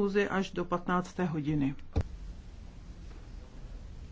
schůzi až do 15. hodiny.